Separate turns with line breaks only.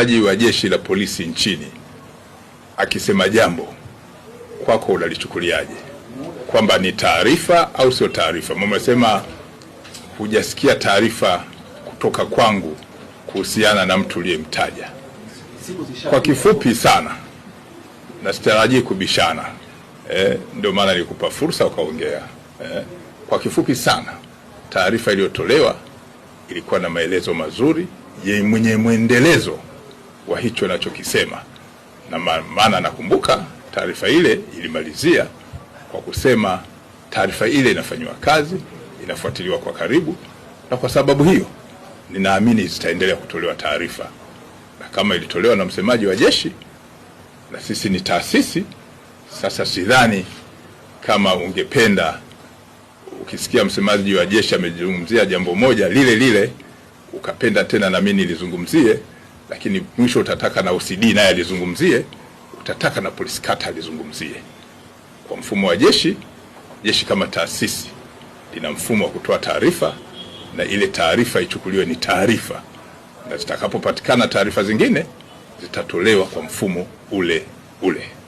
aji wa jeshi la polisi nchini akisema jambo kwako unalichukuliaje? Kwamba ni taarifa au sio taarifa? Mmesema hujasikia taarifa kutoka kwangu kuhusiana na mtu uliyemtaja. Kwa kifupi sana, na sitarajii kubishana eh, ndio maana nilikupa fursa ukaongea eh. Kwa kifupi sana, taarifa iliyotolewa ilikuwa na maelezo mazuri yenye mwendelezo wa hicho anachokisema. na maana nakumbuka taarifa ile ilimalizia kwa kusema taarifa ile inafanyiwa kazi, inafuatiliwa kwa karibu, na kwa sababu hiyo ninaamini zitaendelea kutolewa taarifa, na kama ilitolewa na msemaji wa jeshi na sisi ni taasisi. Sasa sidhani kama ungependa ukisikia msemaji wa jeshi amezungumzia jambo moja lile lile ukapenda tena na mimi nilizungumzie lakini mwisho utataka na OCD naye alizungumzie, utataka na polisi kata alizungumzie. Kwa mfumo wa jeshi, jeshi kama taasisi lina mfumo wa kutoa taarifa na ile taarifa ichukuliwe ni taarifa, na zitakapopatikana taarifa zingine zitatolewa kwa mfumo ule ule.